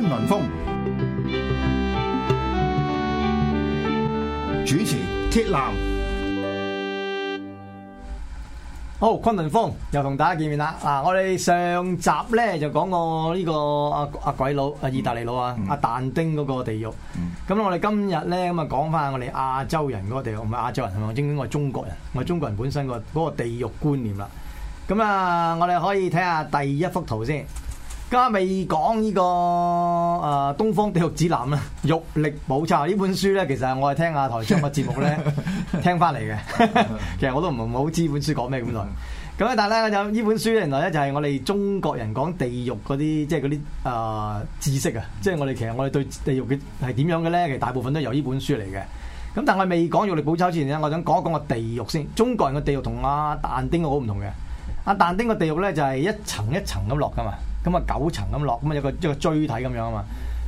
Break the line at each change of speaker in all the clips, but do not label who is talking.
昆崙風主持
鐵男，好，昆崙風又同大家見面啦。嗱、啊，我哋上集咧就講過、這個呢個阿阿鬼佬阿意大利佬、嗯、啊，阿但丁嗰個地獄。咁、嗯、我哋今日咧咁啊講翻我哋亞洲人嗰個地獄，唔係亞洲人，係我哋中國人，我哋中國人本身個個地獄觀念啦。咁啊，我哋可以睇下第一幅圖先。而家未講呢個誒、呃《東方地獄指南》咧，《玉歷寶鈔》呢本書咧，其實我係聽下台長嘅節目咧 聽翻嚟嘅。 其實我都唔係好知本書講咩咁耐咁啊。但咧就呢本書呢，原來咧就係我哋中國人講地獄嗰啲，即係嗰啲誒知識啊。即係我哋，其實我哋對地獄嘅係點樣嘅咧？其實大部分都由呢本書嚟嘅。咁但係我未講《玉歷寶鈔》之前咧，我想講一講個地獄先。中國人嘅地獄、啊、彈同阿但、啊、丁好唔同嘅。阿但丁個地獄咧就係、是、一層一層咁落噶嘛。 咁啊九層咁落，咁啊一個一個錐體咁樣啊嘛。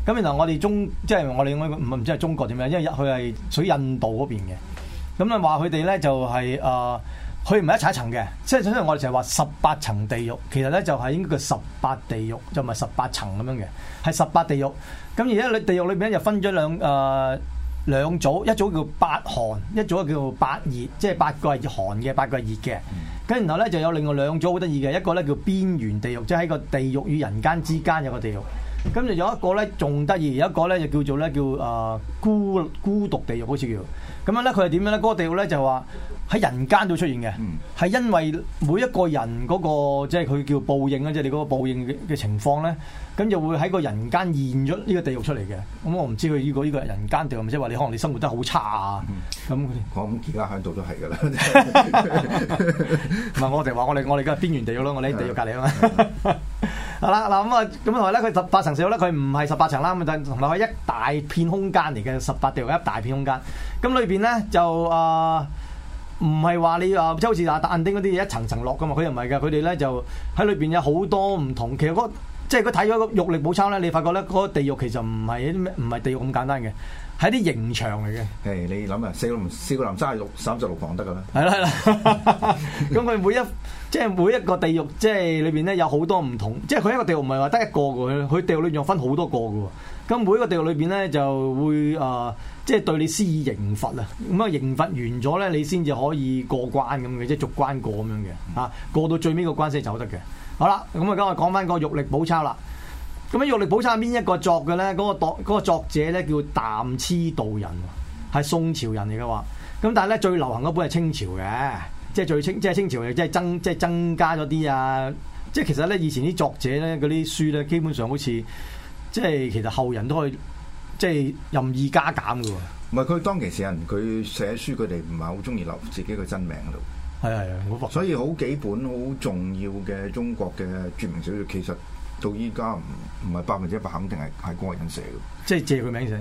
咁然後我哋中即係我哋我唔唔知係中國點樣，因為入去係屬於印度嗰邊嘅。咁啊話佢哋咧就係、是、誒，佢唔係一層一層嘅，即係我哋成日話十八層地獄，其實咧就係、是、應該叫十八地獄，就唔係十八層咁樣嘅，係十八地獄。咁而家你地獄裏邊咧就分咗兩誒兩組，一組叫八寒，一組叫八熱，即係八個係寒嘅，八個係熱嘅。嗯。跟然後咧就有另外兩組好得意嘅，一個咧叫邊緣地獄，即係喺個地獄與人間之間有個地獄。咁就有一個咧仲得意，有一個咧就叫做咧叫啊孤孤獨地獄好似叫。咁樣咧，佢係點樣咧？嗰個地獄咧就話喺人間度出現嘅，係、嗯、因為每一個人嗰、嗰個即係佢叫報應啦，即、就、係、是、你嗰個報應嘅情況咧，咁就會喺個人間現咗呢個地獄出嚟嘅。咁、嗯、我唔知佢呢個呢個人間地獄，即係話你可能你生活得好差啊。咁講、嗯，而家喺度都係噶啦。唔係我哋話我哋我哋而家係邊緣地獄咯，我哋喺地獄隔籬啊嘛。嗯嗯嗯嗯嗯嗯。好啦，嗱咁啊，咁同埋咧，佢十八層少咧，佢唔係十八層啦，咁就同埋佢一大片空間嚟嘅十八地一大片空間。咁裏邊咧就啊，唔係話你啊，即係好似啊但丁嗰啲嘢一層層落噶嘛，佢又唔係嘅，佢哋咧就喺裏邊有好多唔同。其實嗰即係佢睇咗《就是、個玉歷寶鈔》咧，你發覺咧嗰個地獄其實唔係啲咩，唔係地獄咁簡單嘅。喺啲刑場嚟嘅，誒你諗啊，四個四個男差六三十六房得㗎啦，係啦係啦。咁佢每一即係每一個地獄，即係裏邊咧有好多唔同，即係佢一個地獄唔係話得一個㗎喎，佢地獄裏邊仲分好多個㗎喎。咁每一個地獄裏邊咧就會誒、呃，即係對你施以刑罰啊。咁啊刑罰完咗咧，你先至可以過關咁嘅，即係逐關過咁樣嘅。啊，過到最尾個關先走得嘅。好啦，咁啊，今日講翻個玉歷寶鈔啦。咁樣《玉歷寶鈔》係邊一個作嘅咧？嗰、嗰個嗰個作作者咧叫淡痴道人，係宋朝人嚟嘅話。咁但係咧最流行嗰本係清朝嘅，即係最清即係清朝嘅，即係增即係增加咗啲啊！即係其實咧以前啲作者咧嗰啲書咧基本上好似即係其實後人都可以即係任意加減嘅喎。唔係佢
當其時人，佢寫書佢哋唔係好中意留自己嘅真名喺度。係係，所以好幾本好重要嘅中國嘅著名小説其實。到依家唔唔係百分之一百肯定係係個人寫嘅，即係借佢名寫，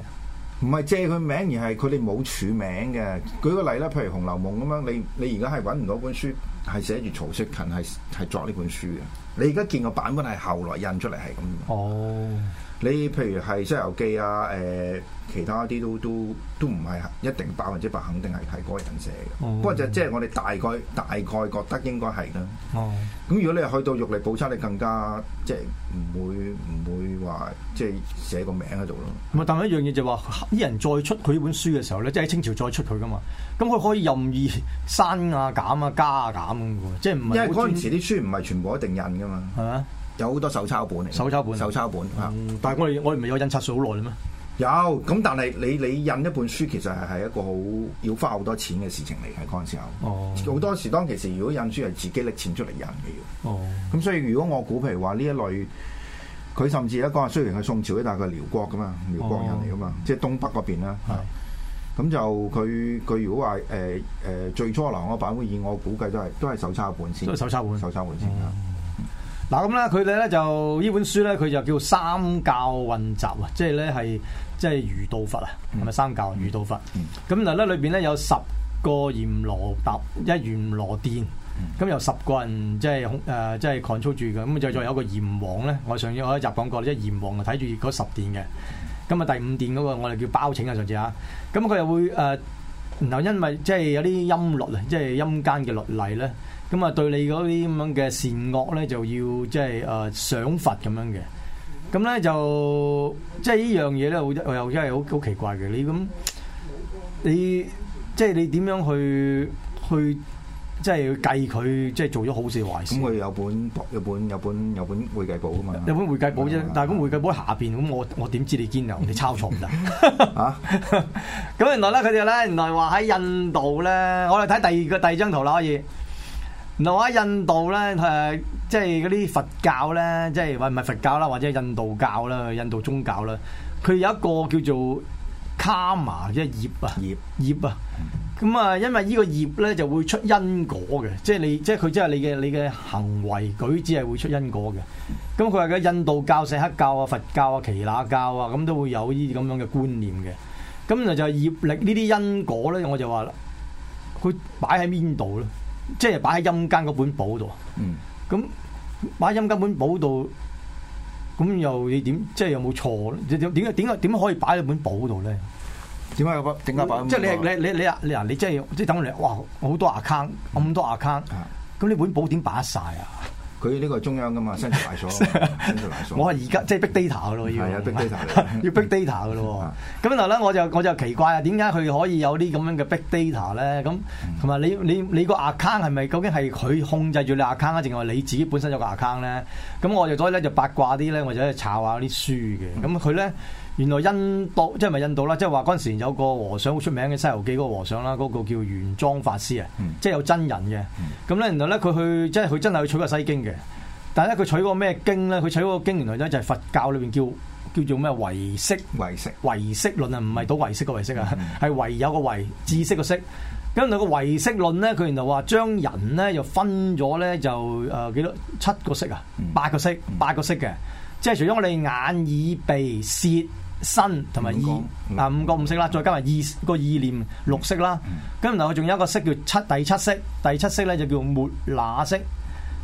唔係借佢名而係佢哋冇署名嘅。舉個例啦，譬如《紅樓夢》咁樣，你你而家係揾唔到本書係寫住曹雪芹係係作呢本書嘅，你而家見個版本係後來印出嚟係咁。哦。你譬如係《西遊記》啊，誒、呃、其他啲都都都唔係一定百分之百肯定係係嗰人寫嘅，哦、不過就即係我哋大概大概覺得應該係啦。哦，咁如果你去到《玉歷寶鈔》，你更加即係唔會唔會話即係寫個名喺度咯。
唔但係一樣嘢就話、是，依人再出佢呢本書嘅時候咧，即、就、係、是、清朝再出佢噶嘛，咁佢可以任意刪啊、減啊、加啊、減咁、啊、即係唔係？因為嗰陣時啲
書唔係全部一定印噶嘛。係嘛？有好多手抄本嚟，手抄本，手抄本。嚇、嗯！是但係我哋我哋唔係有印刷術好耐嘅咩？有咁，但係你你印一本書，其實係一個好要花好多錢嘅事情嚟，嘅。嗰陣、哦、時候。哦。好多時當其時，如果印書係自己拎錢出嚟印嘅要。哦。咁所以如果我估，譬如話呢一類，佢甚至一講話，雖然係宋朝，但係佢係遼國噶嘛，遼國人嚟噶嘛，哦、即係東北嗰邊啦。咁是就佢佢如果話誒誒最初嗰個版本已，以我估計都係都係手抄本先，都係手抄本，嗯、手抄本先、嗯。
嗱咁咧，佢哋咧就呢本書咧，佢就叫三教混雜啊，即係咧係即係儒道佛啊，係咪三教儒道佛？咁嗱咧，裏邊咧有十個閻羅達一閻羅殿，咁、嗯、由十個人即係誒、呃、即係 control 住嘅，咁就再有個閻王咧。我上次我一集講過，即係閻王啊睇住嗰十殿嘅。咁啊，第五殿嗰個我哋叫包拯啊，上次吓，咁佢又會誒、呃，然後因為即係有啲音律啊，即係陰間嘅律例咧。咁啊，對你嗰啲咁樣嘅善惡咧，就要即係誒上佛賞罰咁樣嘅。咁咧就即係呢樣嘢咧，好又真係好好奇怪嘅。你咁你即係、就是、你點樣去去即係要計佢即係做咗好事壞事？咁
佢有本有本有本有本會計簿啊嘛，有
本會計簿啫。但係咁會計簿喺下邊，咁我我點知你堅 啊？你抄錯唔得啊？咁原來咧，佢哋咧原來話喺印度咧，我哋睇第二個第二張圖啦，可以。印度咧，誒、啊，即係嗰啲佛教咧，即係或唔係佛教啦，或者印度教啦，印度宗教啦，佢有一個叫做卡嘛，即係業啊，業業啊，咁啊，因為個業呢個業咧就會出因果嘅，即係你，即係佢，即係你嘅你嘅行為舉止係會出因果嘅。咁佢話嘅印度教、錫克教啊、佛教啊、耆那教啊，咁都會有呢啲咁樣嘅觀念嘅。咁就就係業力呢啲因果咧，我就話佢擺喺邊度咧？即係擺喺陰間嗰本簿度，咁擺陰間本簿度，咁又你點？即係有冇錯？點解點解點可以擺喺本簿度咧？點解有個點解擺？即係你你你你你嗱你即係即係等你哇！好多 account 咁多 account，咁呢、嗯、本簿點擺晒啊？佢呢個中央噶嘛，新度買數，
新度買
數。 我係而家即係 big data 咯， 要 big。係 啊，big data 要 big data 嘅咯。咁然後咧，我就我就奇怪啊，點解佢可以有啲咁樣嘅 big data 咧？咁同埋你你你個 account 係咪究竟係佢控制住你 account 啊，定係你自己本身有個 account 咧？咁我就所以咧就八卦啲咧，我就去抄下啲書嘅。咁佢咧。啊原來印度即係咪印度啦？即係話嗰陣時有個和尚好出名嘅《西遊記》嗰個和尚啦，嗰、那個叫玄奘法師啊，即係有真人嘅。咁咧、嗯，然後咧佢去，即係佢真係去取個《西經》嘅。但係咧，佢取嗰個咩經咧？佢取嗰個經原來咧就係佛教裏邊叫叫做咩唯識唯識唯識論啊，唔係倒唯識個唯識啊，係、嗯、 唯有個唯知識個識。咁、那、嗱個唯識論咧，佢原來話將人咧又分咗咧就誒幾多七個識啊，八個識，八個識嘅，即係除咗我哋眼耳鼻舌。新同埋意，五個啊五個五色啦，再加埋意個意念綠色啦，咁、嗯、然後仲有一個色叫七，第七色，第七色咧就叫末那色，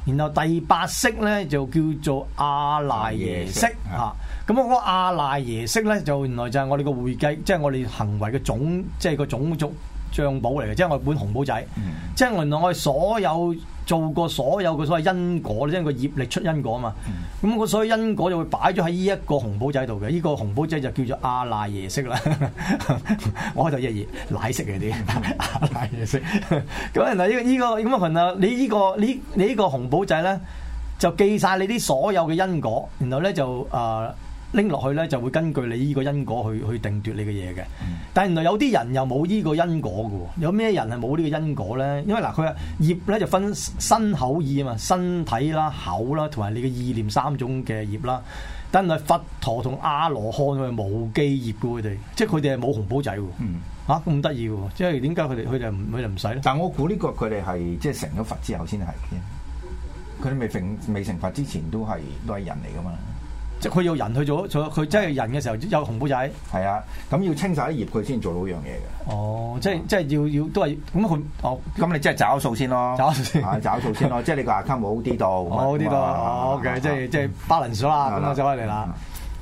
然後第八色咧就叫做阿賴耶色吓，咁嗰個阿賴耶色咧就原來就係我哋個會計，即、就、係、是、我哋行為嘅種，即、就、係、是、個種族。賬簿嚟嘅，即係我本紅簿仔，嗯、即係原來我哋所有做過所有嘅所謂因果，即係個業力出因果啊嘛。咁我、嗯、所以因果就會擺咗喺呢一個紅簿仔度嘅，呢、這個紅簿仔就叫做阿賴耶識啦。 我喺度熱熱賴識嗰啲阿賴耶識。咁然後呢呢個咁啊，然後、這個、你呢、這個你、這個、你呢個紅簿仔咧，就記晒你啲所有嘅因果，然後咧就啊。呃拎落去咧，就會根據你呢個因果去去定奪你嘅嘢嘅。但係原來有啲人又冇呢個因果嘅喎。有咩人係冇呢個因果咧？因為嗱，佢話業咧就分身、口、意啊嘛，身體啦、口啦，同埋你嘅意念三種嘅業啦。但係佛陀同阿羅漢係無記業嘅，佢哋即係佢哋係冇紅寶仔喎。咁得意喎！即係點解佢哋佢哋唔佢哋唔使咧？嗯啊、呢但係我估呢個佢哋係即係成咗佛之後先係
佢哋未成未成佛之前都係都係人嚟嘅嘛。
佢要人去做，做佢真係人嘅時候有紅簿仔。係啊，咁要清晒啲葉佢先做到樣嘢嘅。哦，即係即係要要都係咁佢哦，咁你即係找數先咯，找數先，找數先咯，
即係你個 account 冇啲度，冇啲度，OK，即係即
係 balance 啦，咁就走翻嚟啦。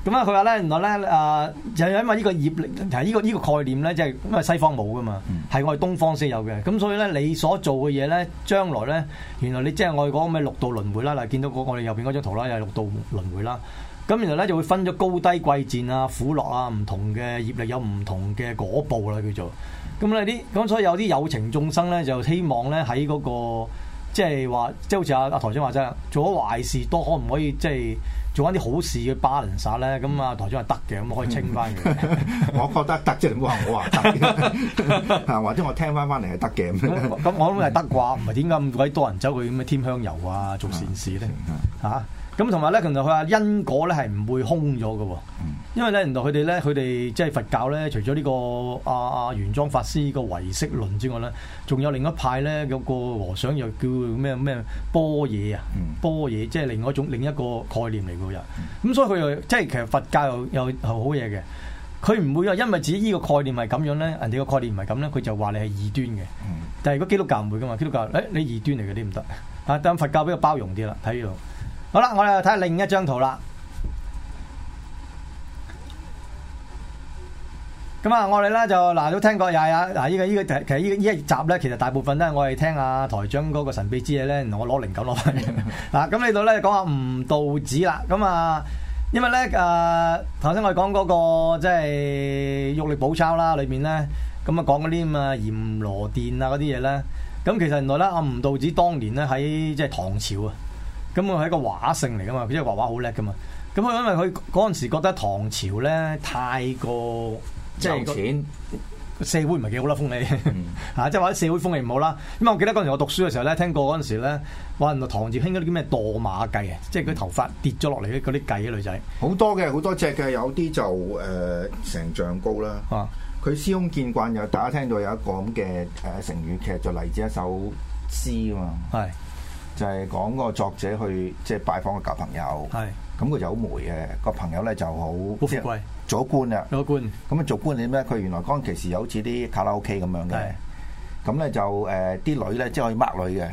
咁啊，佢話咧，原來咧，啊，就是、因為呢個業力呢、呢個呢、呢個概念咧，即、就、係、是、因為啊，西方冇噶嘛，係我哋東方先有嘅。咁所以咧，你所做嘅嘢咧，將來咧，原來你即係我哋講咩六道輪迴啦。嗱，見到我我哋右邊嗰張圖啦，又、係、六道輪迴啦。咁、嗯、原來咧就會分咗高低貴賤啊、苦樂啊、唔同嘅業力有唔同嘅果報啦，叫做。咁咧啲，咁所以有啲有情眾生咧就希望咧喺嗰個，即係話，即係好似阿阿台長話齋，做咗壞事多，可唔可以即係？做翻啲好事嘅 balance 咧，咁啊台長係得嘅，咁我可以清翻佢、 嗯嗯嗯。我覺得得啫，你唔好話我話得，嘅，或者我聽翻翻嚟係得嘅。咁我諗係得啩？唔係點解咁鬼多人走去咁嘅添香油啊，做善事咧嚇？啊。咁同埋咧，其實佢話因果咧係唔會空咗嘅，因為咧原來佢哋咧佢哋即係佛教咧，除咗呢、這個阿阿圓莊法師個唯識論之外咧，仲有另一派咧有個和尚又叫咩咩般若啊，般若，即係另外一種另一個概念嚟㗎。咁、嗯、所以佢又即係其實佛教又又係好嘢嘅，佢唔會話因為自己呢個概念係咁樣咧，人哋個概念唔係咁咧，佢就話你係異端嘅。嗯、但係如果基督教唔會㗎嘛，基督教誒、哎、你異端嚟嘅你唔得啊，但佛教比較包容啲啦，睇度。好啦，我哋睇下另一張圖啦。咁啊，我哋咧就嗱都聽過，又係啊！嗱，依個依個其實依依一集咧，其實大部分咧，我哋聽阿台長嗰個神秘之嘢咧，我攞靈感攞翻嚟。嗱，咁呢度咧講下吳道子啦。咁啊，因為咧誒頭先我哋講嗰個即係《玉歷寶鈔》啦，裏面咧咁啊講嗰啲咁啊閻羅殿啊嗰啲嘢咧。咁其實原來咧阿吳道子當年咧喺即係唐朝啊。咁佢係一個畫聖嚟噶嘛，佢因為畫畫好叻噶嘛。咁佢因為佢嗰陣時覺得唐朝咧太過即係淺個社會唔係幾好啦，風氣嚇，即係話啲社會風氣唔好啦。咁我記得嗰陣時我讀書嘅時候咧，聽過嗰陣時咧話，人唐字興嗰啲叫咩墮馬髻啊，嗯、即係佢啲頭髮跌咗落嚟嗰啲髻嘅女仔。好多嘅，好
多隻嘅，有啲就誒、呃、成像高啦。啊，佢司空見慣，又大家聽到有一個咁嘅誒成語劇，其實就嚟自一首詩啊嘛。係。就係講個作者去即係拜訪個舊朋友，係咁佢就好霉嘅，個朋友咧就好好富貴，做官啦，做官咁啊做官點咧？佢原來嗰陣時有好似啲卡拉 OK 咁樣嘅，咁咧就誒啲女咧即係可以 mark 女嘅，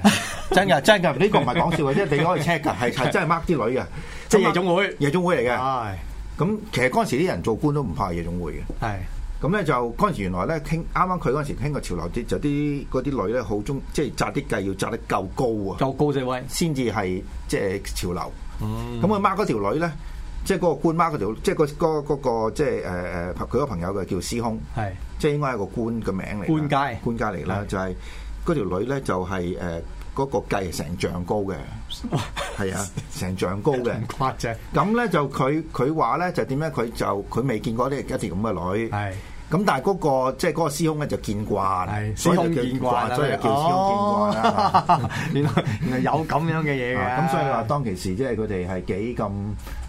真噶真噶呢個唔係講笑嘅，即係你可以 check 噶，係係真係 mark 啲女嘅，即係夜總會夜總會嚟嘅，咁其實嗰陣時啲人做官都唔怕夜總會嘅，係。咁咧就嗰陣時原來咧傾啱啱佢嗰陣時傾過潮流啲就啲嗰啲女咧好鍾即係紮啲髻要紮得夠高啊！夠高隻位，先至係即係潮流。咁佢孖嗰條女咧，即係嗰個官孖嗰條，即係個個嗰個即係誒誒佢個朋友嘅叫司空，
係
即係應該係個官嘅名嚟。官家，官家嚟啦，就係嗰條女咧就係誒嗰個髻成丈高嘅，係啊，成丈高嘅，誇啫！咁咧就佢佢話咧就點咧？佢就佢未見過呢一條咁嘅女係。咁但係嗰個即係嗰個師兄咧就見慣，所以見慣，所以就叫師兄見慣原來原來有咁樣嘅嘢嘅，咁所以話當其時即係佢哋係幾咁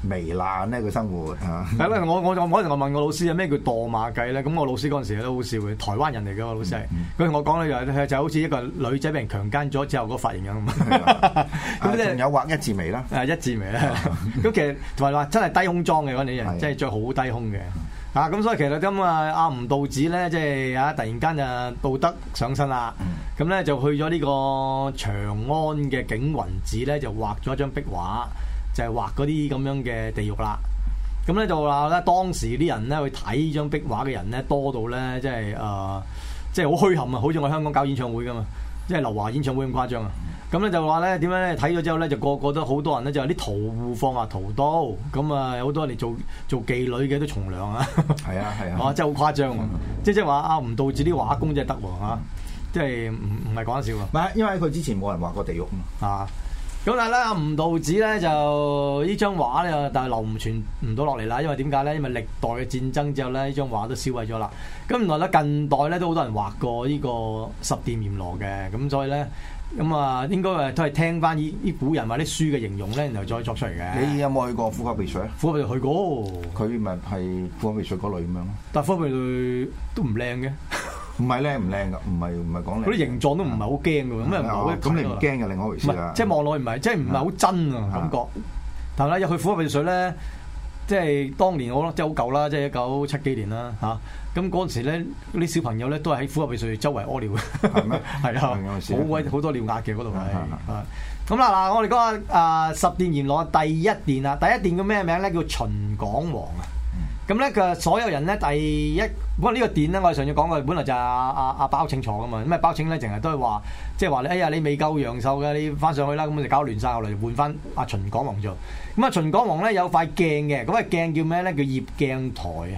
糜爛呢？個生活嚇。
係啦，我我我嗰陣我問個老師有咩叫墮馬髻咧？咁我老師嗰陣時都好笑嘅，台灣人嚟嘅個老師係。佢同我講咧就係就好似一個女仔俾人強姦咗之後個髮型咁。咁即係有畫一字眉啦。一字眉啦。咁其實同埋話真係低胸裝嘅嗰啲人，真係著好低胸嘅。啊，咁所以其實今日阿吳道子咧，即係啊突然間就道德上身啦，咁咧、嗯、就去咗呢個長安嘅景雲寺咧，就畫咗一張壁畫，就係、是、畫嗰啲咁樣嘅地獄啦。咁、嗯、咧、嗯啊、就話咧，當時啲人咧去睇呢張壁畫嘅人咧多到咧，即係啊，即係好墟冚啊，好似我香港搞演唱會咁啊，即係劉華演唱會咁誇張啊！咁咧就話咧點樣咧睇咗之後咧就個個都好多人咧就有啲屠戶放下、啊、屠刀，咁啊有好多人嚟做做妓女嘅都從良啊，係啊係啊，啊 哇真係好誇張、嗯、啊、啊！即係即係話阿吳道子啲畫工真係得喎嚇，即係唔唔係講笑啊，唔係因為佢之前冇人畫過地獄啊咁但係咧、啊、吳道子咧就呢張畫咧就但係流唔傳唔到落嚟啦，因為點解咧？因為歷代嘅戰爭之後咧，呢張畫都銷毀咗啦。咁原來咧近代咧都好多人畫過呢個十殿閻羅嘅，咁所以咧。咁啊，應該誒都係聽翻依啲古人或啲書嘅形容咧， 然後再作出嚟嘅。你
有冇去過虎豹別墅啊？虎豹別墅去過，佢咪係虎豹別墅嗰類咁樣咯。
但係虎豹別墅都唔靚嘅，唔係靚唔靚㗎，唔係唔係講。嗰啲 形狀都唔係好驚㗎，咁咁、啊啊啊啊啊啊、你唔驚嘅？另外一回事即係望落唔係，即係唔係好真啊、嗯、感覺。啊、但係咧，入去虎豹別墅咧。即係當年我咯，即係好舊啦，即係一九七幾年啦嚇。咁嗰陣時咧，啲小朋友咧都係喺虎豹別墅周圍屙尿，係嗎 啊，好鬼好多尿壓嘅嗰度係。咁啦嗱，我哋講下誒十殿閻王第一殿啊，第一殿叫咩名咧？叫秦廣王啊。咁咧，個所有人咧第一，不過呢個電咧，我哋上次講過，本來就係阿阿阿包拯坐噶嘛，咁，啊包拯咧，成日都係話，即係話你哎呀你未夠陽壽嘅，你翻上去啦，咁、嗯、就搞亂晒，後來換翻阿秦廣王做。咁、嗯、啊秦廣王咧有塊鏡嘅，咁、那、啊、個、鏡叫咩咧？叫孽鏡台啊，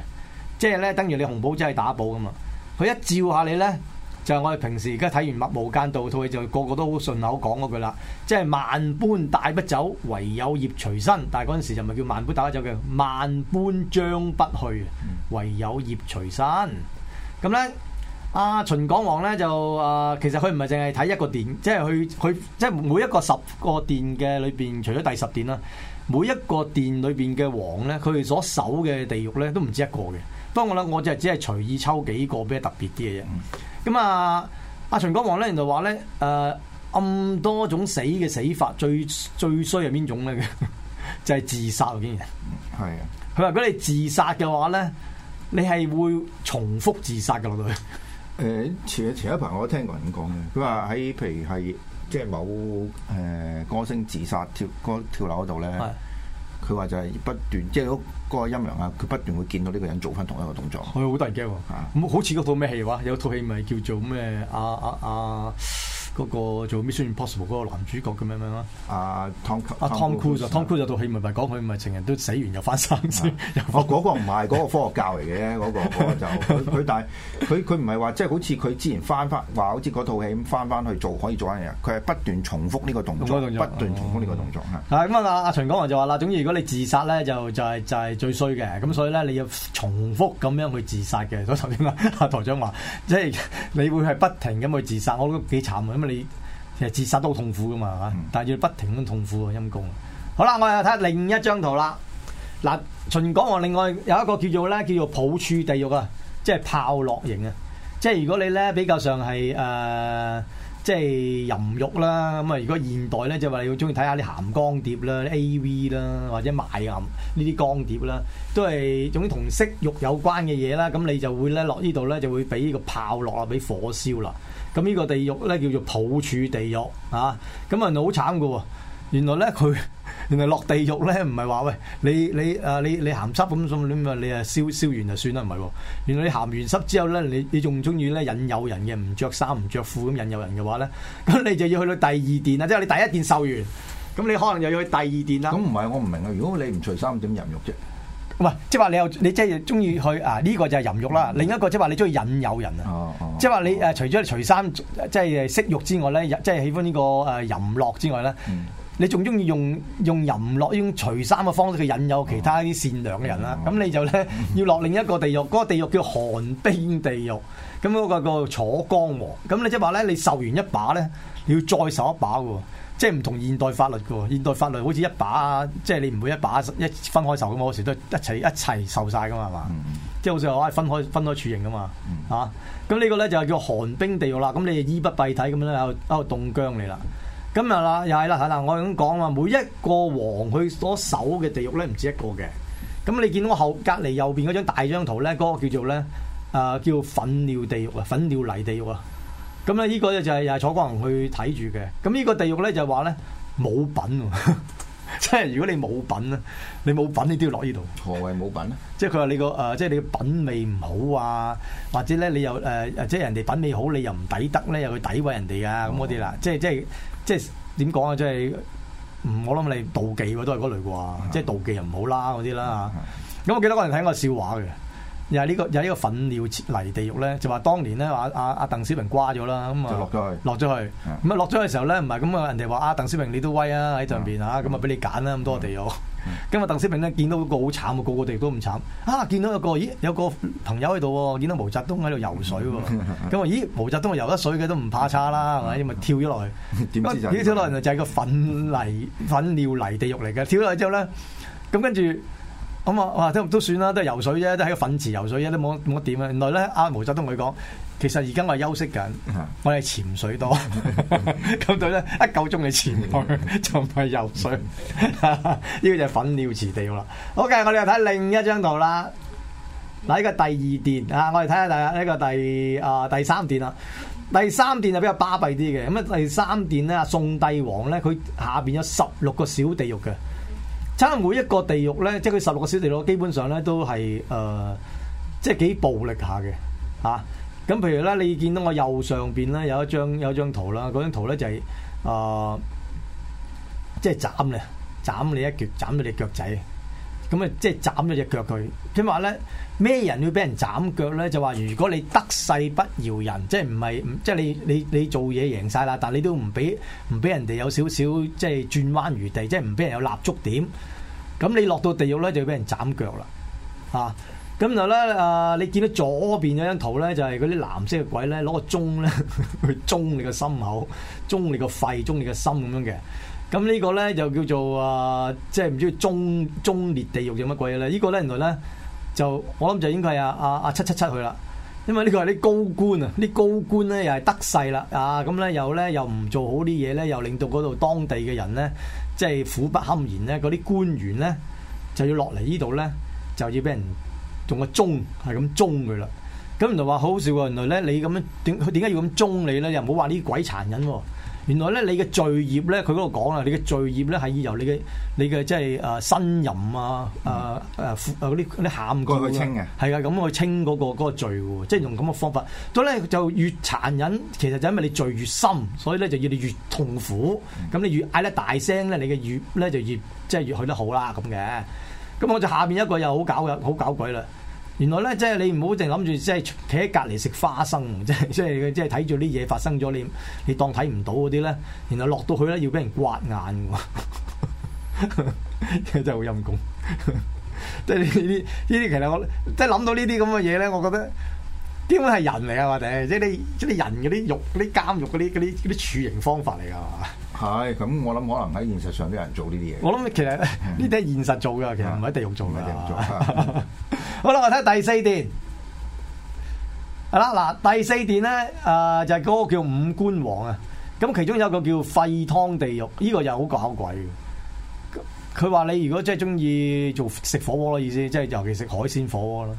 即係咧等於你紅寶仔去打寶噶嘛，佢一照一下你咧。就係我哋平時而家睇完《密無間道》，套戲就個個都好順口講嗰句啦，即係萬般帶不走，唯有業隨身。但係嗰陣時就唔係叫萬般帶不走，嘅，萬般將不去，唯有業隨身。咁咧，阿、啊、秦廣王咧就誒、啊，其實佢唔係淨係睇一個殿，即係佢佢即係每一個十個殿嘅裏邊，除咗第十殿啦，每一個殿裏邊嘅王咧，佢哋所守嘅地獄咧，都唔止一個嘅。不過咧，我就只係隨意抽幾個比較特別啲嘅啫。咁、嗯、啊，阿秦廣王咧，人就話咧，誒、呃、咁多種死嘅死法，最最衰係邊種咧？ 就係自殺喎，竟然。係啊。佢話：如果你自殺嘅話咧，你係會重複自殺嘅落去。誒、呃、前前一排我聽過人講嘅，
佢話喺譬如係即係某誒、呃、歌星自殺跳跳樓嗰度咧。佢話就係不斷，即係嗰個音量啊，佢不斷會見到呢個人做返同一個動作，係、
啊啊、好得人驚喎。咁好似嗰套咩戲話？有套戲咪叫做咩？啊，啊啊啊！嗰個做 Mission Impossible 嗰個男主角咁樣樣咯，啊 Tom 啊 Tom Cruise，Tom Cruise 套戲咪咪講佢咪情人都死完又翻生先，
哦嗰個唔係嗰個科學教嚟嘅嗰個，就佢但係佢，佢唔係話即係好似佢之前翻翻話好似嗰套戲咁翻翻去做可以做一樣嘢，佢係不斷重複呢個動作，不斷重複呢個動作
啦。啊咁阿啊！秦廣就話啦，總之如果你自殺咧，就就係就係最衰嘅，咁所以咧你要重複咁樣去自殺嘅。所以先阿阿台長話，即係你會係不停咁去自殺，我都幾慘你其實自殺都痛苦噶嘛，嚇！嗯、但係要不停咁痛苦啊，陰公啊！好啦，我又睇下另一張圖啦。嗱、啊，秦國王另外有一個叫做咧，叫做抱柱地獄啊，即係炮烙刑啊。即係如果你咧比較上係誒、呃，即係淫欲啦。咁啊，如果現代咧就話要鍾意睇下啲鹹光碟啦、A V 啦，或者賣啊呢啲光碟啦，都係總之同色欲有關嘅嘢啦。咁你就會咧落呢度咧，就會俾個炮烙啦，俾火燒啦。咁呢個地獄咧叫做抱柱地獄啊！咁啊好慘噶喎！原來咧佢原來落地獄咧唔係話，喂，你你啊你你鹹濕咁咁咁啊，你啊燒燒完就算啦，唔係喎！原來你鹹完濕之後咧，你你仲鍾意咧引誘人嘅，唔着衫唔着褲咁引誘人嘅話咧，咁你就要去到第二殿啦！即係你第一殿受完，咁你可能又要去第二殿啦。咁唔係，我唔明啊！如果你唔除衫點入獄啫？唔係，即係話你又你即係中意去啊？呢個就係淫欲啦。另一個即係話你中意引誘人啊。即係話你誒，除咗除衫，即係色欲之外咧，即係喜歡呢個誒淫樂之外咧，你仲中意用用淫樂用除衫嘅方式去引誘其他啲善良嘅人啦。咁你就咧要落另一個地獄，嗰個地獄叫寒冰地獄。咁嗰個個楚江王，咁你即係話咧，你受完一把咧，你要再受一把喎。即係唔同現代法律噶喎，現代法律好似一把，即係你唔會一把一分開受噶嘛，嗰時都一齊一齊受晒噶嘛，係嘛？ 即係好似我話分開分開處刑噶嘛，嚇咁、 啊、呢個咧就係叫寒冰地獄啦。咁你就衣不蔽體咁樣喺度喺度凍僵你啦。咁啊啦又係啦，嗱，我咁講啊每一個王佢所守嘅地獄咧唔止一個嘅。咁你見到我後隔離右邊嗰張大張圖咧，嗰、那個叫做咧誒、呃、叫做糞尿地獄啊，糞尿泥地獄啊。咁咧，依個咧就係又係楚國人去睇住嘅。咁呢個地獄咧就話咧冇品，呵呵即係如果你冇品咧，你冇品你都要落呢度。何謂冇品咧、呃？即係佢話你個誒，即係你嘅品味唔好啊，或者咧你又誒、呃、即係人哋品味好，你又唔抵得咧，又去詆毀人哋啊咁嗰啲啦。即係即係即係點講啊？即係唔，我諗你妒忌喎，都係嗰類啩。即係妒忌又唔好、啊、啦，嗰啲啦咁我記得我人睇過笑話嘅。有呢、這個又呢個糞尿泥地獄咧，就話、是、當年咧阿阿阿鄧小平瓜咗啦，咁啊落咗去，落咗去。咁啊落咗去嘅時候咧，唔係咁啊人哋話啊，鄧小平你都威啊喺上邊嚇、啊，咁啊俾你揀啦，咁多地獄。咁啊、嗯嗯、鄧小平咧見到個好慘喎，個個地獄都唔慘。啊見到一個咦，有個朋友喺度喎，見到毛澤東喺度游水喎。咁啊咦，毛澤東游得水嘅都唔怕差啦，係咪啊？咁咪、嗯嗯、跳咗落去，點知就係跳落去，嗯、就係個糞泥糞尿泥地獄嚟嘅。跳落去之後咧，咁跟住。跟咁啊，哇！都都算啦，都係游水啫，都喺個糞池游水啫，都冇乜點啊！原來咧，阿毛澤東佢講，其實而家我係休息緊，嗯、我哋潛水多，咁對咧一夠鐘嘅潛就唔係游水，呢個就糞尿池地獄啦。好、okay，嘅，我哋又睇另一張圖啦。嗱，呢個第二殿啊，我哋睇下睇呢個第啊第三殿啦。第三殿就比較巴閉啲嘅，咁啊第三殿咧，宋帝王咧，佢下邊有十六個小地獄嘅。差唔多每一個地獄咧，即係佢十六個小地獄咯，基本上咧都係誒、呃，即係幾暴力下嘅嚇。咁、啊、譬如咧，你見到我右上邊咧有一張有一張圖啦，嗰張圖咧就係、是、誒，即、呃、係、就是、斬，斬你，斬你一腳，斬你隻腳仔。咁啊、嗯，即係斬咗隻腳佢。聽話咧？咩人要俾人斬腳咧？就話如果你得勢不饒人，即係唔係？即係你你你做嘢贏晒啦，但係你都唔俾唔俾人哋有少少即係轉彎餘地，即係唔俾人有立足點。咁你落到地獄咧，就要俾人斬腳啦。啊！咁就咧啊！你見到左邊嗰張圖咧，就係嗰啲藍色嘅鬼咧，攞個鍾咧 去鍾你個心口，鍾你個肺，鍾你個心咁樣嘅。咁呢個咧就叫做、呃這個、就就啊，即係唔知中鍾裂地獄有乜鬼嘢咧？呢個咧原來咧就我諗就應該係阿阿阿七七七去啦，因為呢個係啲高官，高官啊，啲高官咧又係得勢啦，啊咁咧又咧又唔做好啲嘢咧，又令到嗰度當地嘅人咧即係苦不堪言咧，嗰啲官員咧就要落嚟呢度咧就要俾人仲個鍾係咁鍾佢啦。咁原來話好好笑喎，原來咧你咁樣點佢點解要咁鍾你咧？又唔好話呢啲鬼殘忍喎。原來咧，你嘅罪孽咧，佢嗰度講啦，你嘅罪孽咧係要由你嘅你嘅即係誒，呻吟啊，誒誒，誒嗰啲嗰啲喊，係啊，咁、啊、去、啊就是、清嗰、嗯嗰個、嗰個罪嘅，即係用咁嘅方法。所以咧就越殘忍，其實就因為你罪越深，所以咧就要你越痛苦。咁你越嗌得大聲咧，你嘅越咧就越，就越即係越去得好啦，咁嘅。咁我就下邊一個又好搞嘅，好搞鬼啦。原來咧，即係你唔好淨諗住，即係企喺隔離食花生，即係即係即係睇住啲嘢發生咗，你你當睇唔到嗰啲咧。然後落到去咧，要俾人刮眼呵呵，真係好陰功。即係呢啲呢啲，其實我即係諗到呢啲咁嘅嘢咧，我覺得點會係人嚟啊？或者即係你即係人嗰啲肉、啲監獄嗰啲嗰啲嗰啲處刑方法嚟㗎？
係咁，我諗可能
喺現實上啲人做呢啲嘢。我諗其實呢啲係現實做㗎，嗯、其實唔係地獄做㗎。嗯 我睇第四段，係啦嗱，第四段咧，誒就係、是、嗰個叫五官王啊，咁其中有一個叫廢湯地獄，呢、這個又好搞鬼嘅。佢話你如果真係中意做食火鍋咯，意思即係尤其食海鮮火鍋啦。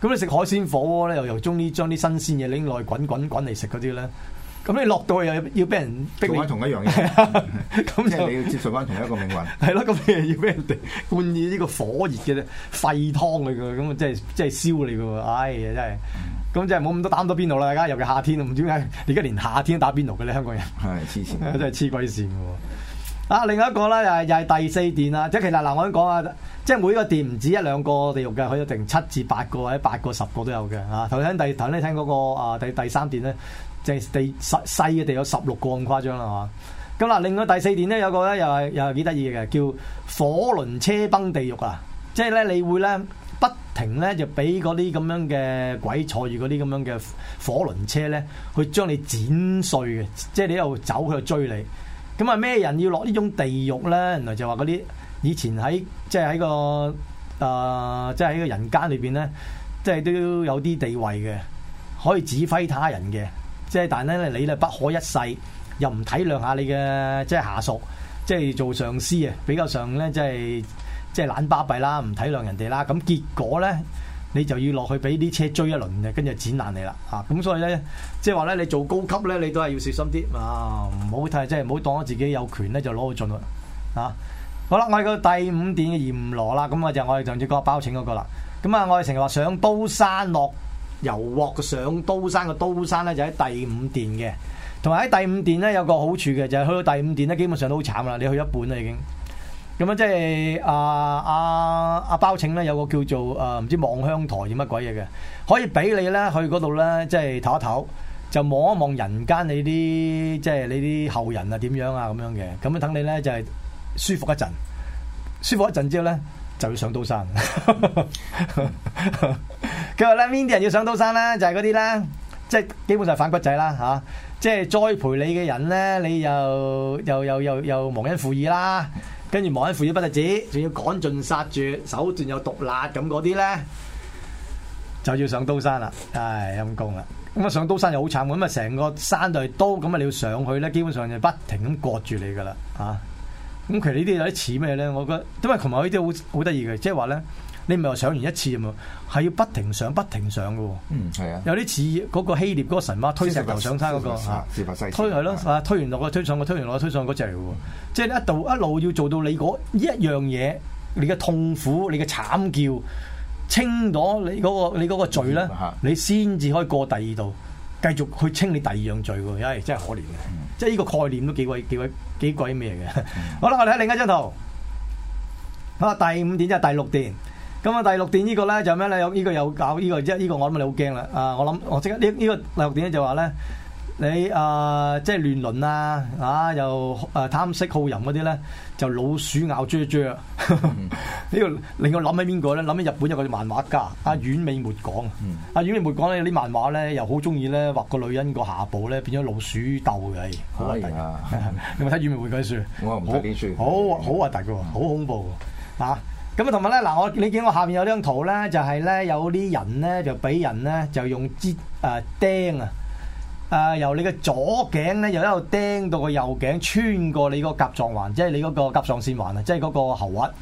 咁、嗯、你食海鮮火鍋咧，又又中意將啲新鮮嘢拎落去滾滾滾嚟食嗰啲咧。滾滾滾咁你落到去又要俾人逼，做翻同一樣嘢。咁 你要接受翻同一個命運。係咯， 咁你要俾人哋灌住呢個火熱嘅咧沸湯嚟嘅，咁即係即係燒嚟嘅喎。唉、哎、呀，真係，咁即係冇咁多打到邊度啦，而家尤其夏天唔知點解而家連夏天都打邊度嘅咧，香港人係黐線！ 真係黐鬼線喎。啊，另外一個咧又係又係第四殿啊，即係其實嗱我啲講啊，即、就、係、是、每個殿唔止一兩個地獄嘅，可以定七至八個或者八個十個都有嘅。啊，頭先第頭你聽嗰、那個啊第，第第三殿咧。即係地十細嘅地有十六個咁誇張啦，嚇咁啦。另外第四點咧，有個咧又係又係幾得意嘅，叫火輪車崩地獄啊！即係咧你會咧不停咧就俾嗰啲咁樣嘅鬼坐住嗰啲咁樣嘅火輪車咧，去將你剪碎嘅。即係你一路走去追你咁啊！咩人要落呢種地獄咧？原來就話嗰啲以前喺即係喺個誒，即係喺個人間裏邊咧，即係都有啲地位嘅，可以指揮他人嘅。即係但係咧，你咧不可一世，又唔體諒下你嘅即係下屬，即係做上司啊，比較上咧即係即係懶巴閉啦，唔體諒人哋啦，咁結果咧你就要落去俾啲車追一輪嘅，跟住剪爛你啦啊！咁所以咧，即係話咧，你做高級咧，你都係要小心啲啊，唔好睇，即係唔好當自己有權咧就攞到盡啦啊！好啦，我哋個第五點閻羅啦，咁啊就我哋上次講包拯嗰個啦，咁啊，我哋成日話上刀山落。遊鑊上刀山嘅刀山咧，就喺第五殿嘅，同埋喺第五殿咧有個好處嘅就係、是、去到第五殿咧基本上都好慘啦，你去一半啦已經。咁樣即係阿阿阿包拯咧有個叫做誒唔、呃、知望鄉台定乜鬼嘢嘅，可以俾你咧去嗰度咧即係唞一唞，就望一望人間你啲即係你啲後人啊點樣啊咁樣嘅，咁樣等你咧就係、是、舒服一陣，舒服一陣之後咧就要上刀山。 佢話咧，邊啲人要上刀山咧？就係嗰啲啦，即係基本上反骨仔啦，吓、啊！即係栽培你嘅人咧，你又又又又又忘恩負義啦，跟住忘恩負義不特止，仲要趕盡殺絕，手段又毒辣咁嗰啲咧，呢就要上刀山啦！唉，陰功啦！咁啊，上刀山就好慘，咁啊，成個山都係刀，咁啊，你要上去咧，基本上就不停咁割住你㗎啦，吓、啊！咁其實些些呢啲有啲似咩咧？我覺得，因為同埋呢啲好好得意嘅，即係話咧。你唔係話上完一次啊嘛，係要不停上不停上嘅喎、哦。嗯，係啊。有啲似嗰個希臘嗰個神話推石頭上山嗰、那個嚇、啊啊，推係咯，啊推，推完落個推上個推完落去推上嗰隻嚟喎。嗯、即係一度一路要做到你嗰一樣嘢，你嘅痛苦，你嘅慘叫，清咗你嗰、那個你嗰罪咧，你先至、啊、可以過第二度，繼續去清你第二樣罪喎。唉、欸，真係可憐嘅、嗯嗯嗯，即係呢個概念都幾鬼幾鬼幾鬼咩嘅。好啦，我哋睇另一張圖。好啦、嗯，第五點即係第六點。咁啊，第六點呢個咧就咩咧？有呢個有搞呢個即呢個，我諗你好驚啦！啊，我諗我即刻呢呢個第六點咧就話咧，你啊、呃、即係亂倫啊，嚇、啊、又誒、啊、貪色好淫嗰啲咧，就老鼠咬豬豬呢個令我諗起邊個咧？諗起日本有個漫畫家阿丸、啊、尾末廣，阿丸、嗯啊、尾末廣呢，啲漫畫咧又好中意咧畫個女人個下部咧變咗老鼠竇嘅，好核突啊！啊 你有冇睇丸尾末嗰啲書？我唔睇啲書，好好核突嘅，好、 啊、恐怖啊！啊咁同埋咧，嗱我你見我下面有張圖咧，就係、是、咧有啲人咧就俾人咧就用支誒、呃、釘啊，誒、呃、由你嘅左頸咧又一路釘到個右頸，穿過你嗰個甲狀環，即係你嗰個甲狀腺環啊，即係嗰個喉核。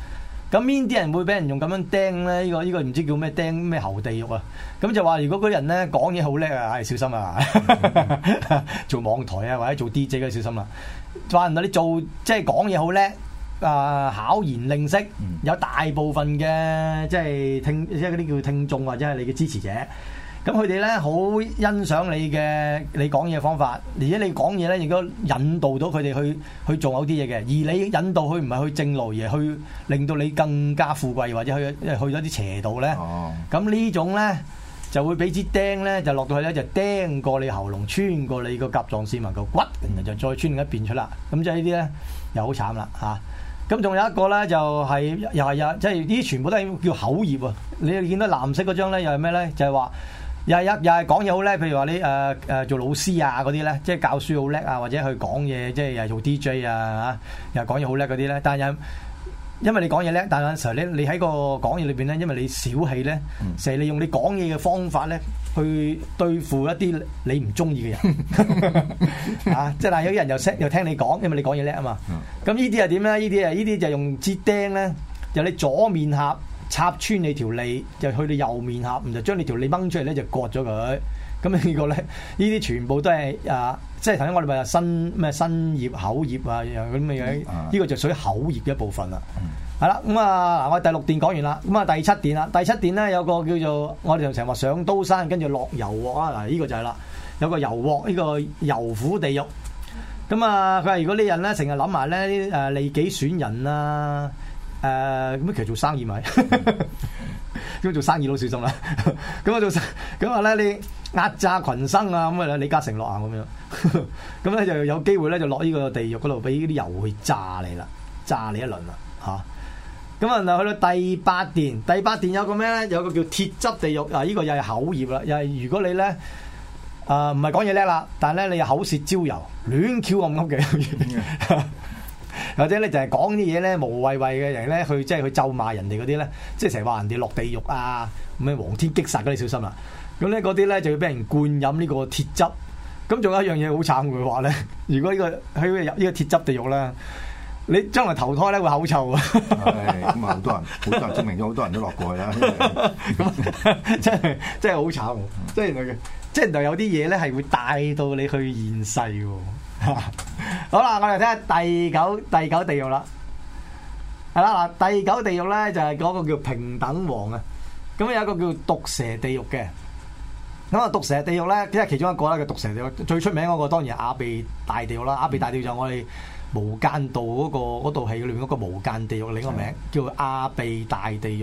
咁邊啲人會俾人用咁樣釘咧？呢、呢個依、呢個唔知叫咩釘咩喉地獄啊？咁就話如果嗰人咧講嘢好叻啊，唉、哎，小心啊！做網台啊或者做 DJ 嘅小心啦、啊。就是、話原來你做即係講嘢好叻。啊！巧言令色，有大部分嘅即係聽，即係嗰啲叫聽眾或者係你嘅支持者。咁佢哋咧好欣賞你嘅你講嘢方法，而且你講嘢咧亦都引導到佢哋去去做某啲嘢嘅。而你引導佢唔係去正路而係去令到你更加富貴，或者去去咗啲邪道咧。咁呢種咧就會俾支釘咧就落到去咧就釘過你喉嚨，穿過你個甲狀腺埋個骨，然後就再穿一邊出啦。咁即係呢啲咧又好慘啦嚇。咁仲有一個咧、就是，就係又係又即係呢啲全部都係叫口業啊！你哋見到藍色嗰張咧、就是，又係咩咧？就係話又係又又係講嘢好叻，譬如話你誒誒、呃呃、做老師啊嗰啲咧，即係教書好叻啊，或者去講嘢，即係又係做 D J 啊嚇，又係講嘢好叻嗰啲咧，但係因為你講嘢叻，但係有陣時候咧，你喺個講嘢裏邊咧，因為你小氣咧，成日你用你講嘢嘅方法咧，去對付一啲你唔中意嘅人，啊！即係嗱，有啲人又識又聽你講，因為你講嘢叻啊嘛。咁呢啲係點咧？呢啲啊，呢啲就用支釘咧，就你左面盒插穿你條脷，就去到右面盒，唔就將你條脷掹出嚟咧，就割咗佢。咁呢個咧，呢啲全部都係啊～即係頭先，我哋話新咩新業口業啊，咁嘅嘢，呢、這個就屬於口業嘅一部分啦。係啦、嗯，咁啊，我、嗯嗯、第六段講完啦，咁啊第七段啦，第七段咧有個叫做我哋就成日話上刀山跟住落油鑊啊，嗱，呢個就係、是、啦，有個油鑊呢、這個油苦地獄。咁、嗯、啊，佢話如果人呢人咧成日諗埋咧誒利己損人啊，誒咁樣其實做生意咪叫 做生意老小心啦。咁 啊、嗯、做，咁啊咧你。壓榨群生啊，咁啊李嘉誠落啊咁樣，咁咧就有機會咧就落呢個地獄嗰度俾啲油去炸你啦，炸你一輪啦，吓。咁啊，然後去到第八殿，第八殿有個咩咧？有個叫鐵汁地獄啊！呢、這個又係口業啦，又係如果你咧啊唔係講嘢叻啦，但係咧你又口舌招尤，亂 Q 咁噏嘅， 或者你就係講啲嘢咧無謂謂嘅人咧去即係、就是、去咒罵人哋嗰啲咧，即係成日話人哋落地獄啊，咩樣黃天擊殺嗰啲小心啦。咁咧，嗰啲咧就要俾人灌飲呢個鐵汁。咁仲有一樣嘢好慘，佢話咧，如果呢個喺呢個入呢個鐵汁地獄咧，你將來投胎咧會口臭嘅。咁啊，好多人，好 多，多人證明
咗好多人都落過去
啦。 真係真係好慘，即係即係原來有啲嘢咧係會帶到你去現世喎。 好啦，我哋睇下第九第九地獄啦。係啦，嗱第九地獄咧就係嗰個叫平等王啊。咁有一個叫毒蛇地獄嘅。咁啊，毒蛇地獄咧，即係其中一個啦。叫毒蛇地獄最出名嗰個，當然係阿鼻大地獄啦。阿鼻、嗯、大地獄就係我哋無間道嗰、那個嗰部戲裏面嗰個無間地獄另一個名，叫阿鼻大地獄。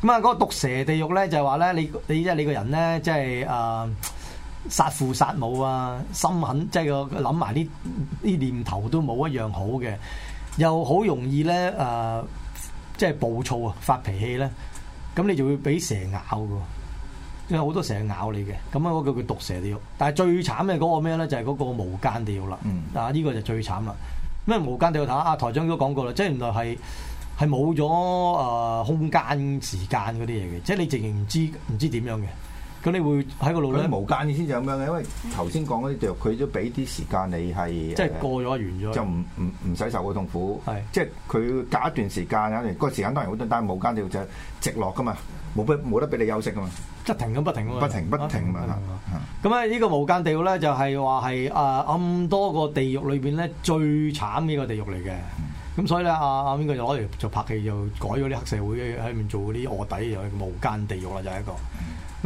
咁啊，嗰個毒蛇地獄咧，就係話咧，你你即係你個人咧，即係誒殺父殺母啊，心狠，即係個諗埋啲啲念頭都冇一樣好嘅，又好容易咧誒，即、呃、係、就是、暴躁啊，發脾氣咧，咁你就會俾蛇咬㗎。有好多蛇咬你嘅，咁啊，嗰叫佢毒蛇地獄。但係最慘嘅嗰個咩咧？就係嗰個無間地獄啦、嗯啊呢個。啊，呢個就最慘啦。咩無間地獄？睇下阿台長都講過啦，即係原來係係冇咗誒空間時間嗰啲嘢嘅，即係你直情唔知唔知點樣嘅。咁你會喺個腦裡咧無間
先就咁樣嘅，因為頭先講嗰啲地獄，佢都俾啲時間你係即係過咗完咗，就唔唔唔使受個痛苦。係是即係佢隔一段時間，有段個時間當然好啲，但係無間地獄就直落噶嘛。冇冇得俾你休息噶嘛，
即停咁不停啊，不停不停啊嘛。咁咧呢個無間地獄咧，就係話係誒咁多個地獄裏邊咧最慘呢個地獄嚟嘅。咁、嗯、所以咧啊啊邊個攞嚟就拍戲，就改咗啲黑社會喺面做嗰啲臥底就又、是、無間地獄啦，就係、是、一個，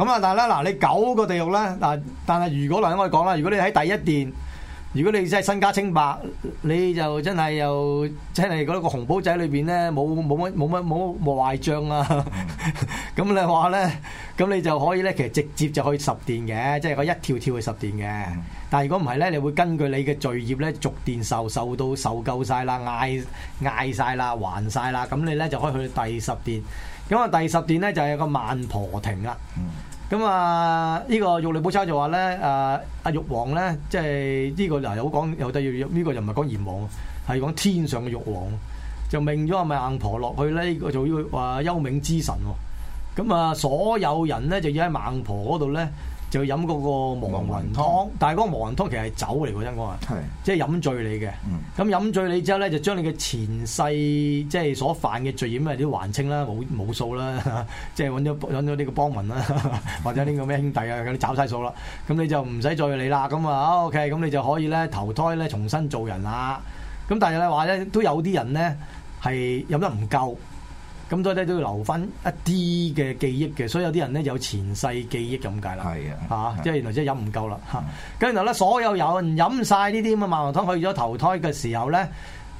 咁啊、嗯、但係咧嗱，你九個地獄咧嗱，但係如果嚟我哋講啦，如果你喺第一殿。如果你真係身家清白，你就真係又即係嗰一個紅簿仔裏邊咧，冇冇乜冇乜冇壞帳啊！咁 你話咧，咁你就可以咧，其實直接就可以十殿嘅，即係可以一跳跳去十殿嘅。但係如果唔係咧，你會根據你嘅罪業咧，逐殿受受到受夠晒啦，嗌嗌晒啦，還晒啦，咁你咧就可以去到第十殿。咁啊，第十殿咧就係有個孟婆亭啦。嗯咁、嗯、啊！呢、這個玉歷寶鈔就話咧，誒、啊、阿玉皇咧，即係呢個嗱有講有得要，呢、這個就唔係講閻王，係講天上嘅玉皇，就命咗阿孟婆落去咧，呢、這個就要話幽冥之神咁啊、嗯、啊，所有人咧就要喺孟婆嗰度咧。就飲嗰個忘雲湯，湯，但係嗰個忘雲湯其實係酒嚟喎，真講啊，即係飲醉你嘅。咁飲、嗯、醉你之後咧，就將你嘅前世即係、就是、所犯嘅罪孽都還清啦，冇冇數啦，即係揾咗咗呢個幫民啦， 或者呢個咩兄弟啊，你有啲找晒數啦，咁你就唔使再理啦，咁啊 OK，咁你就可以咧投胎咧重新做人啦。咁但係咧話咧，都有啲人咧係飲得唔夠。咁多咧都要留翻一啲嘅記憶嘅，所以有啲人咧有前世記憶咁解啦。係啊，啊，即係原來即係飲唔夠啦嚇。跟住咧，所有有人飲晒呢啲咁嘅萬和湯去咗投胎嘅時候咧，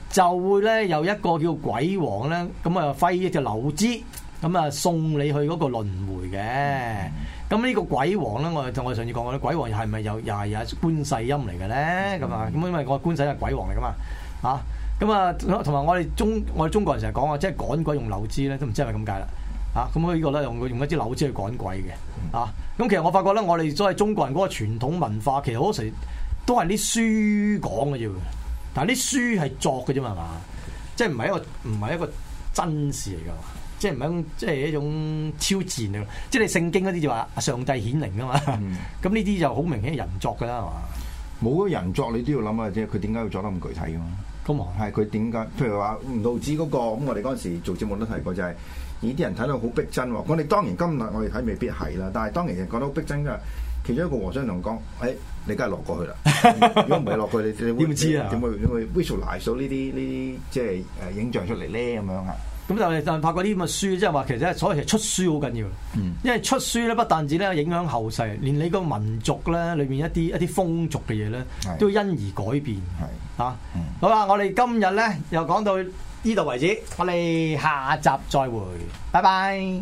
就會咧有一個叫鬼王咧，咁啊揮一隻柳枝，咁啊送你去嗰個輪迴嘅。咁呢個鬼王咧，我同我上次講過，鬼王係咪有又係阿觀世音嚟嘅咧？咁的啊，咁、嗯啊、因為個觀世音係鬼王嚟噶嘛，啊。咁啊，同埋我哋中，我哋中國人成日講話，即係趕鬼用柳枝咧，都唔知係咪咁解啦。嚇、啊，咁我呢個咧用用一支柳枝去趕鬼嘅、啊。嚇，咁其實我發覺咧，我哋所謂中國人嗰個傳統文化，其實好多時都係啲書講嘅啫。但係啲書係作嘅啫嘛，即係唔係一個唔係一個真事嚟㗎、啊。即係唔係一種即係一種超自然、啊，即係你聖經嗰啲就話上帝顯靈㗎嘛。咁呢啲就好明顯人作㗎啦，係嘛？
冇人作你都要諗下，即係佢點解要作得咁具體㗎？係佢點解？譬如話吳道子嗰，那個咁，嗯，我哋嗰陣時做節目都提過，就係咦，啲人睇到好逼真。咁你當然今日我哋睇未必係啦，但係當然人講得好逼真嘅，其中一個和尚同講：，誒，哎，你梗係落過去啦， 如果唔係落去，你點知啊？點 會點會 visualize 到呢啲呢？即係誒影像出嚟咧，咁樣啊？
咁就就拍嗰啲咁嘅書，即係話其實，所謂其實出書好緊要。嗯，因為出書咧，不但止咧影響後世，連你個民族咧，裏面一啲一啲風俗嘅嘢咧，都因而改變。係吓，啊嗯、好啦，我哋今日咧又講到呢度為止，我哋下集再會，拜拜。